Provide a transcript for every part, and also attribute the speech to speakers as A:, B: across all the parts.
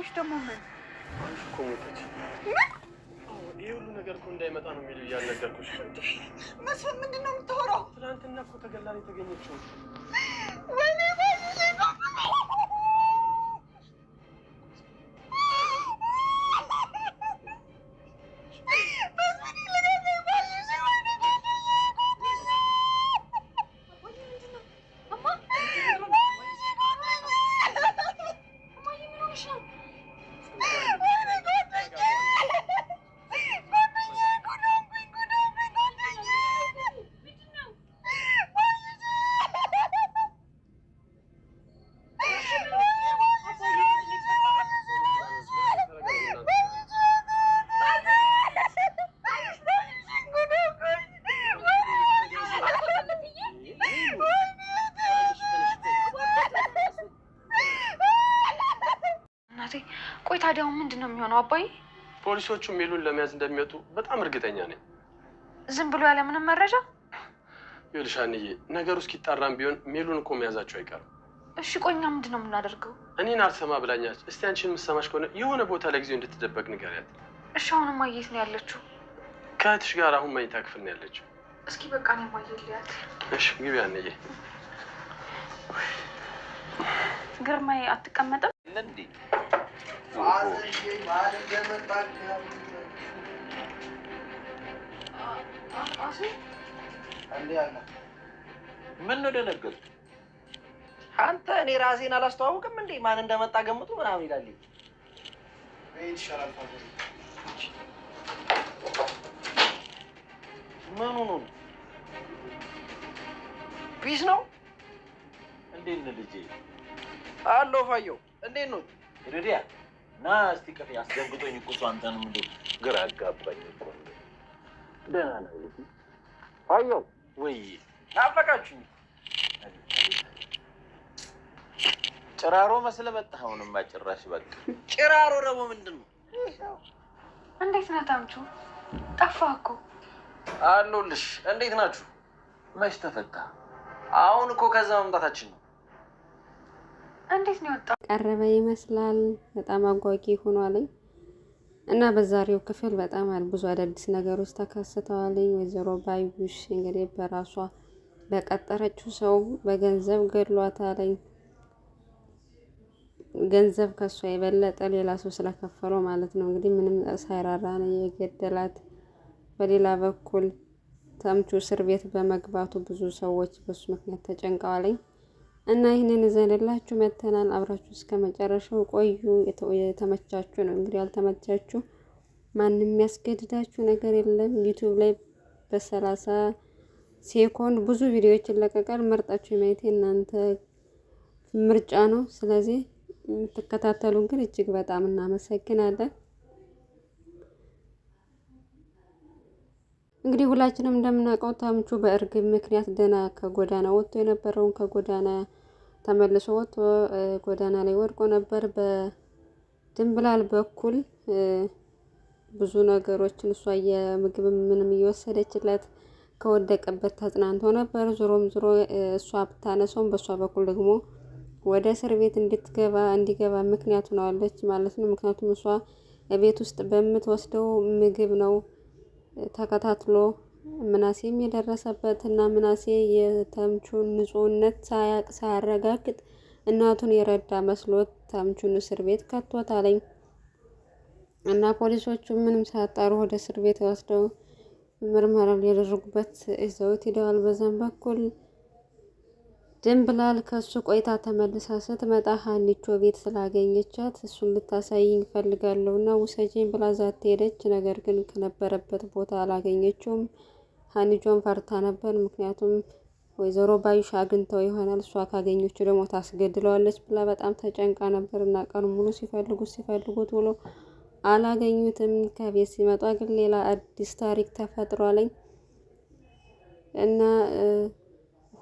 A: ቆንሽ ደግሞ ምን
B: እኮ ሞተች። ይህ ሁሉ ነገር እኮ እንዳይመጣ ነው የሚሉ እያልነገርኩሽ።
A: መስፍን ምንድን ነው የምታወራው?
B: ትናንትና እኮ ተገላ ነው የተገኘችው። ወይኔ ነው አባዬ? ፖሊሶቹ ሜሉን ለመያዝ እንደሚመጡ በጣም እርግጠኛ ነኝ። ዝም ብሎ ያለ ምንም መረጃ ይኸውልሽ አንዬ፣ ነገሩ እስኪጣራም ቢሆን ሜሉን እኮ መያዛቸው አይቀርም። እሺ ቆኛ እኛ ምንድን ነው የምናደርገው? እኔን አልሰማ ብላኛለች። እስቲ አንቺን የምትሰማሽ ከሆነ የሆነ ቦታ ለጊዜው እንድትደበቅ ንገሪያት። እሺ አሁንም ማየት ነው ያለችው? ከእህትሽ ጋር አሁን መኝታ ክፍል ነው ያለችው። እስኪ በቃ ነው ማየት ልያት። እሺ ግቢ አንዬ። ግርማዬ አትቀመጥም? እንዴ ምን ነው ደነገጡ? አንተ እኔ ራሴን አላስተዋውቅም እንዴ? ማን እንደመጣ ገምጡ ምናምን ይላል። ምኑ ነው ፒስ ነው እንዴ? ልጄ አለሁ ፋየው እንዴት ነው ሪዲያ? ና እስቲ ቀፍ ያስደንግጦኝ እኮ እሱ አንተንም እንደ ግራ አጋባኝ እኮ። ደህና ነው አየው ወይ ናፈቃችሁኝ። ጭራሮ መስለህ መጣህ። አሁንም አጭራሽ በቃ ጭራሮ ደግሞ ምንድን ነው? እንዴት ነህ ታምቹ? ጠፋህ እኮ አለሁልሽ። እንዴት ናችሁ? መች ተፈታ? አሁን እኮ ከዛ መምጣታችን ነው እንዴት ነው የወጣው? ቀረበ ይመስላል። በጣም አጓጊ ሆኗል። እና በዛሬው ክፍል በጣም ብዙ አዳዲስ ነገሮች ተከስተዋል ወይዘሮ ባዩሽ እንግዲህ በራሷ በቀጠረችው ሰው በገንዘብ ገድሏታለኝ። ገንዘብ ከሷ የበለጠ ሌላ ሰው ስለከፈለው ማለት ነው እንግዲህ ምንም ሳይራራ ነው የገደላት። በሌላ በኩል ተምቹ እስር ቤት በመግባቱ ብዙ ሰዎች በሱ ምክንያት ተጨንቀዋልኝ። እና ይህንን ይዘንላችሁ መተናል። አብራችሁ እስከ መጨረሻው ቆዩ። የተመቻችሁ ነው እንግዲህ፣ ያልተመቻችሁ ማንም የሚያስገድዳችሁ ነገር የለም። ዩቱብ ላይ በሰላሳ ሴኮንድ ብዙ ቪዲዮዎች ይለቀቃል። መርጣችሁ ማየት እናንተ ምርጫ ነው። ስለዚህ የምትከታተሉን ግን እጅግ በጣም እናመሰግናለን። እንግዲህ ሁላችንም እንደምናውቀው ተምቹ በእርግብ ምክንያት ደና ከጎዳና ወጥቶ የነበረውን ከጎዳና ተመልሶ ወጥቶ ጎዳና ላይ ወድቆ ነበር። በድንብላል በኩል ብዙ ነገሮችን እሷ የምግብ ምንም እየወሰደችለት ከወደቀበት ተጽናንቶ ነበር። ዞሮም ዞሮ እሷ ብታነሰውም በእሷ በኩል ደግሞ ወደ እስር ቤት እንድትገባ እንዲገባ ምክንያት ነዋለች ማለት ነው። ምክንያቱም እሷ ቤት ውስጥ በምትወስደው ምግብ ነው ተከታትሎ ምናሴም የደረሰበት እና ምናሴ የተምቹን ንጹህነት ሳያቅ ሳያረጋግጥ እናቱን የረዳ መስሎት ተምቹን እስር ቤት ከቶታለኝ እና ፖሊሶቹ ምንም ሳያጣሩ ወደ እስር ቤት ወስደው ምርመራ ሊያደርጉበት ይዘውት ሂደዋል። በዛም በኩል ድንብላል ከሱ ቆይታ ተመልሳ ስትመጣ ሀኒቾ ቤት ስላገኘቻት እሱን ልታሳይኝ ፈልጋለሁ እና ውሰጂኝ ብላ ዛት ሄደች። ነገር ግን ከነበረበት ቦታ አላገኘችውም። ሀኒጆን ፈርታ ነበር። ምክንያቱም ወይዘሮ ባዩሽ አግኝተው ይሆናል እሷ ካገኘችው ደግሞ ታስገድለዋለች ብላ በጣም ተጨንቃ ነበር እና ቀኑ ሙሉ ሲፈልጉት ሲፈልጉት ውሎ አላገኙትም። ከቤት ሲመጣ ግን ሌላ አዲስ ታሪክ ተፈጥሯለኝ እና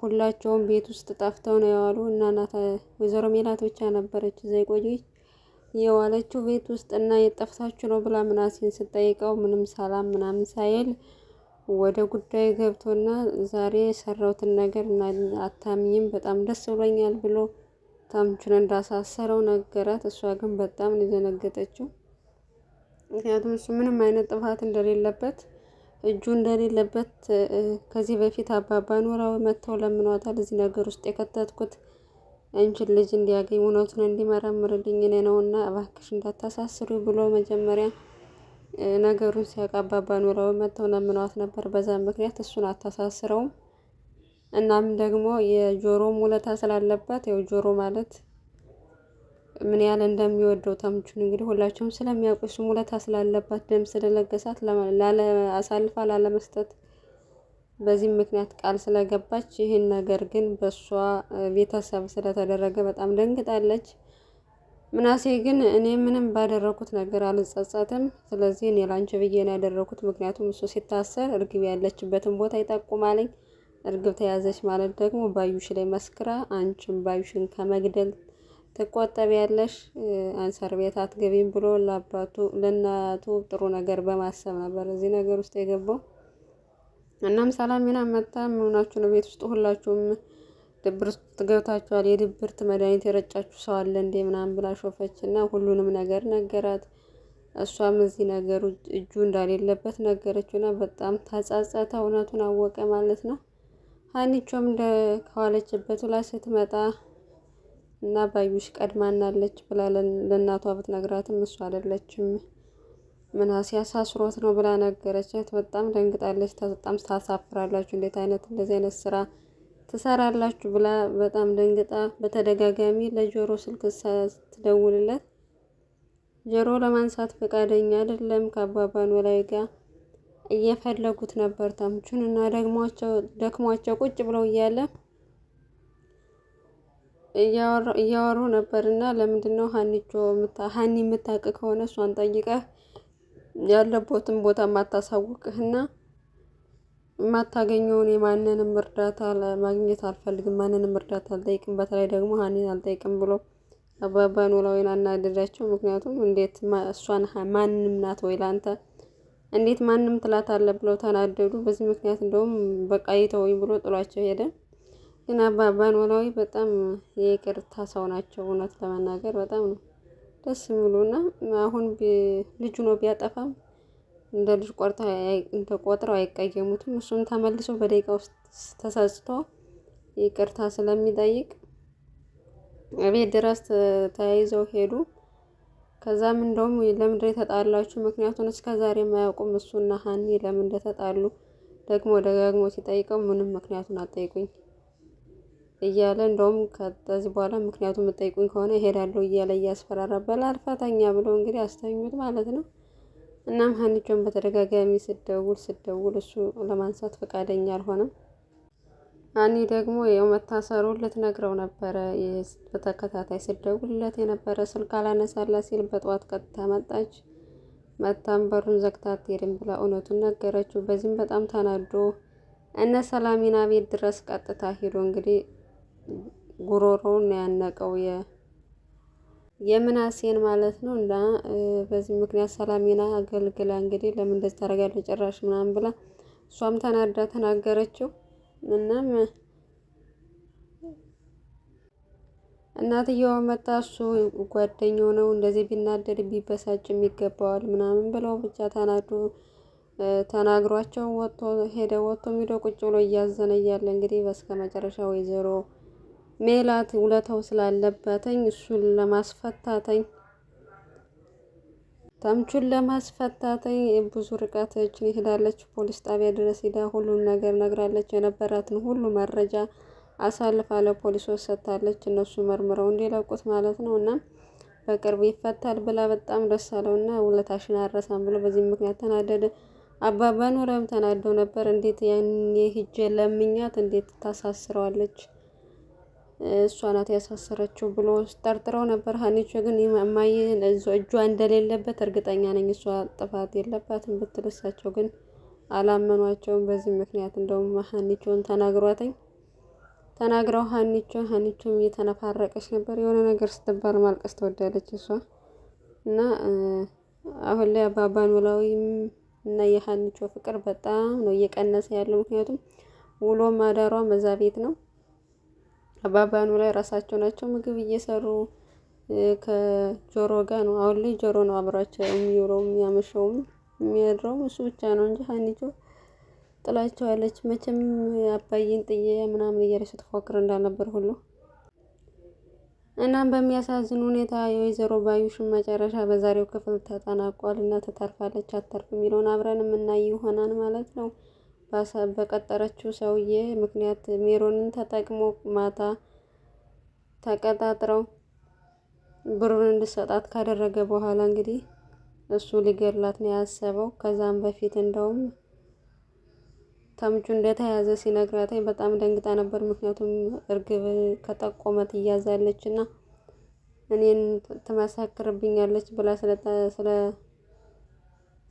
B: ሁላቸውም ቤት ውስጥ ጠፍተው ነው የዋሉ እና ናታ ወይዘሮ ሜላት ብቻ ነበረች እዛ የቆየች የዋለችው ቤት ውስጥ እና የጠፍታችሁ ነው ብላ ምናሴን ስጠይቀው ምንም ሰላም ምናምን ሳይል ወደ ጉዳይ ገብቶና ዛሬ የሰራሁትን ነገር አታሚም በጣም ደስ ብሎኛል ብሎ ታምቹን እንዳሳሰረው ነገራት። እሷ ግን በጣም ነው የዘነገጠችው። ምክንያቱም እሱ ምንም አይነት ጥፋት እንደሌለበት እጁ እንደሌለበት ከዚህ በፊት አባባ ኖራዊ መጥተው ለምኗታል። እዚህ ነገር ውስጥ የከተትኩት አንቺን ልጅ እንዲያገኝ እውነቱን እንዲመረምርልኝ እኔ ነው እና እባክሽ እንዳታሳስሩ ብሎ መጀመሪያ ነገሩን ሲያውቅ አባባ ኖራዊ መጥተው ለምኗት ነበር። በዛ ምክንያት እሱን አታሳስረውም። እናም ደግሞ የጆሮ ሙለታ ስላለባት ያው ጆሮ ማለት ምን ያህል እንደሚወደው ተምቹን እንግዲህ ሁላቸውም ስለሚያውቁ እሱ ውለታ ስላለባት ደም ስለለገሳት አሳልፋ ላለመስጠት በዚህም ምክንያት ቃል ስለገባች ይህን ነገር ግን በእሷ ቤተሰብ ስለተደረገ በጣም ደንግጣለች። ምናሴ ግን እኔ ምንም ባደረኩት ነገር አልጸጸትም፣ ስለዚህ እኔ ላንቺ ብዬ ነው ያደረኩት። ምክንያቱም እሱ ሲታሰር እርግብ ያለችበትን ቦታ ይጠቁማለኝ። እርግብ ተያዘች ማለት ደግሞ ባዩሽ ላይ መስክራ አንቺም ባዩሽን ከመግደል ትቆጠቢያለሽ አንሳር ቤት አትገቢም ብሎ ለአባቱ ለእናቱ ጥሩ ነገር በማሰብ ነበር እዚህ ነገር ውስጥ የገባው። እናም ሚና መታ ምን ሆናችሁ ነው ቤት ውስጥ ሁላችሁም ድብር ገብታችኋል፣ የድብርት መድኃኒት የረጫችሁ ሰው አለ እንዴ ምናምን ብላ ሾፈች እና ሁሉንም ነገር ነገራት። እሷም እዚህ ነገሩ እጁ እንዳሌለበት ነገረችውና በጣም ተጸጸተ። እውነቱን አወቀ ማለት ነው። ሀኒቾም ከዋለችበት ላይ ስትመጣ እና ባዩሽ ቀድማናለች ብላ ለእናቷ ብትነግራትም እሱ አይደለችም ምናሴ አሳስሮት ነው ብላ ነገረቻት። በጣም ደንግጣለች። በጣም ታሳፍራላችሁ፣ እንዴት አይነት እንደዚህ አይነት ስራ ትሰራላችሁ ብላ በጣም ደንግጣ በተደጋጋሚ ለጆሮ ስልክ ስትደውልለት ጆሮ ለማንሳት ፈቃደኛ አይደለም። ከአባባ ወላይ ጋር እየፈለጉት ነበር ታምቹን እና ደክሟቸው ቁጭ ብለው እያለ እያወሩ ነበር እና ለምንድነው ሀኒቾ ሀኒ የምታውቅ ከሆነ እሷን ጠይቀህ ያለቦትን ቦታ ማታሳውቅህና የማታገኘውን የማንንም እርዳታ ማግኘት አልፈልግም፣ ማንንም እርዳታ አልጠይቅም፣ በተለይ ደግሞ ሀኒን አልጠይቅም ብሎ አባባ ኖላዊን አናደዳቸው። ምክንያቱም እንዴት እሷን ማንም ናት ወይ ለአንተ እንዴት ማንም ትላት አለ ብለው ተናደዱ። በዚህ ምክንያት እንደውም በቃ ይተወኝ ብሎ ጥሏቸው ሄደ። ግን አባባ ኖላዊ በጣም የይቅርታ ሰው ናቸው። እውነት ለመናገር በጣም ነው ደስ የሚሉና አሁን ልጁ ነው ቢያጠፋም እንደ ልጅ ቆጥረው አይቀየሙትም። እሱም ተመልሶ በደቂቃ ውስጥ ተሰጽቶ ይቅርታ ስለሚጠይቅ ቤት ድረስ ተያይዘው ሄዱ። ከዛም እንደውም ለምንድን የተጣላችሁ? ምክንያቱን እስከ ዛሬ የማያውቁም እሱና ሀኒ ለምን እንደተጣሉ ደግሞ ደጋግሞ ሲጠይቀው ምንም ምክንያቱን አጠይቁኝ እያለ እንደውም ከዚህ በኋላ ምክንያቱም የምጠይቁኝ ከሆነ እሄዳለሁ እያለ እያስፈራራ በላልፋተኛ ብለው እንግዲህ አስተኙት ማለት ነው። እናም ሀኒቾን በተደጋጋሚ ስደውል ስደውል እሱ ለማንሳት ፈቃደኛ አልሆነም። አኒ ደግሞ የው መታሰሩን ልትነግረው ነበረ በተከታታይ ስደውልለት የነበረ ስልክ አላነሳላ ሲል በጠዋት ቀጥታ መጣች። መታም በሩን ዘግታ አትሄድም ብላ እውነቱን ነገረችው። በዚህም በጣም ተናዶ እነ ሰላሚና ቤት ድረስ ቀጥታ ሄዶ እንግዲህ ጉሮሮውን ያነቀው የምናሴን ማለት ነው። እና በዚህ ምክንያት ሰላሜና አገልግላ እንግዲህ ለምን እንደዚህ ታደርጋለህ ጭራሽ ምናምን ብላ እሷም ተናዳ ተናገረችው። እናም እናትየዋ መጣ። እሱ ጓደኛው ነው እንደዚህ ቢናደድ ቢበሳጭም ይገባዋል ምናምን ብለው ብቻ ተናዱ ተናግሯቸው ወጥቶ ሄደ። ወጥቶ ሄዶ ቁጭ ብሎ እያዘነ እያለ እንግዲህ በስከ መጨረሻ ወይዘሮ ሜላት ውለታው ስላለባትኝ እሱን ለማስፈታተኝ ተምቹን ለማስፈታተኝ ብዙ ርቀቶችን ይሄዳለች። ፖሊስ ጣቢያ ድረስ ሂዳ ሁሉን ነገር ነግራለች። የነበራትን ሁሉ መረጃ አሳልፋ ለፖሊሶች ሰጥታለች። እነሱ መርምረው እንዲለቁት ማለት ነው እና በቅርብ ይፈታል ብላ በጣም ደስ አለው እና ውለታሽን አረሳም ብሎ በዚህ ምክንያት ተናደደ። አባባ ኑረም ተናደው ነበር። እንዴት ያን ሂጄ ለምኛት እንዴት ታሳስረዋለች እሷ ናት ያሳሰረችው ብሎ ጠርጥረው ነበር። ሀኒቾ ግን ማየ እጇ እንደሌለበት እርግጠኛ ነኝ፣ እሷ ጥፋት የለባትም ብትልሳቸው ግን አላመኗቸውም። በዚህ ምክንያት እንደውም ሀኒቾን ተናግሯትኝ ተናግረው ሀኒቾን ሀኒቾም እየተነፋረቀች ነበር። የሆነ ነገር ስትባል ማልቀስ ትወዳለች እሷ እና አሁን ላይ አባባ ኖላዊም እና የሀኒቾ ፍቅር በጣም ነው እየቀነሰ ያለው። ምክንያቱም ውሎ ማዳሯ መዛ ቤት ነው አባባኑ ላይ ራሳቸው ናቸው ምግብ እየሰሩ ከጆሮ ጋር ነው። አሁን ላይ ጆሮ ነው አብሯቸው የሚውለው የሚያመሸውም የሚያድረው እሱ ብቻ ነው እንጂ ሀኒቾ ጥላቸዋለች። መቼም አባይን ጥዬ ምናምን እያለች ስትፎክር እንዳልነበር ሁሉ እናም በሚያሳዝን ሁኔታ የወይዘሮ ባዩሽን መጨረሻ በዛሬው ክፍል ተጠናቋል እና ተተርፋለች አተርፍ የሚለውን አብረን የምናይ ይሆናል ማለት ነው። በቀጠረችው ሰውዬ ምክንያት ሜሮንን ተጠቅሞ ማታ ተቀጣጥረው ብሩን እንድሰጣት ካደረገ በኋላ እንግዲህ እሱ ሊገድላት ነው ያሰበው። ከዛም በፊት እንደውም ተምቹ እንደተያዘ ሲነግራት በጣም ደንግጣ ነበር። ምክንያቱም እርግብ ከጠቆመ ትያዛለች እና እኔን ትመሰክርብኛለች ብላ ስለ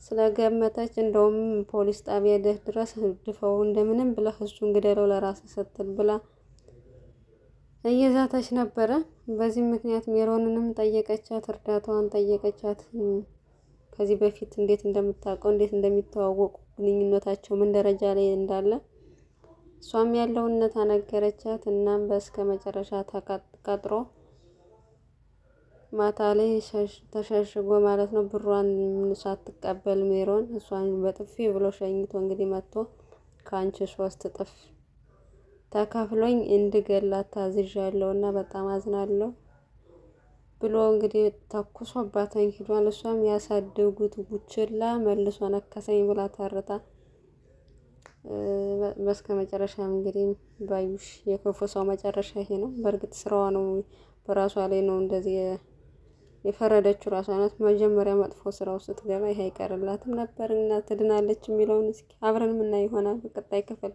B: ስለገመተች እንደውም ፖሊስ ጣቢያ ደህ ድረስ ድፈው እንደምንም ብለህ እሱን ግደለው ለራስ ስትል ብላ እየዛተች ነበረ። በዚህ ምክንያት ሜሮንንም ጠየቀቻት፣ እርዳታዋን ጠየቀቻት። ከዚህ በፊት እንዴት እንደምታውቀው እንዴት እንደሚተዋወቁ ግንኙነታቸው ምን ደረጃ ላይ እንዳለ እሷም ያለውን እውነታ ነገረቻት። እናም በስከ መጨረሻ ተቀጥሮ ማታ ላይ ተሸሽጎ ማለት ነው ብሯን ሳትቀበል ሜሮን እሷን በጥፊ ብሎ ሸኝቶ እንግዲህ መጥቶ ከአንቺ ሶስት እጥፍ ተከፍሎኝ እንድገላት ታዝዣለሁ እና በጣም አዝናለሁ ብሎ እንግዲህ ተኩሶባታኝ ሂዷል። እሷም ያሳደጉት ቡችላ መልሶ ነከሰኝ ብላ ተርታ በስከ መጨረሻም እንግዲህ ባዩሽ የክፉ ሰው መጨረሻ ይሄ ነው። በእርግጥ ስራዋ ነው፣ በራሷ ላይ ነው እንደዚህ የፈረደችው ራሷ ናት። መጀመሪያ መጥፎ ስራው ስትገባ ይሄ አይቀርላትም ነበር እና ትድናለች የሚለውን እስኪ አብረን ምናይ ይሆናል በቀጣይ ክፍል።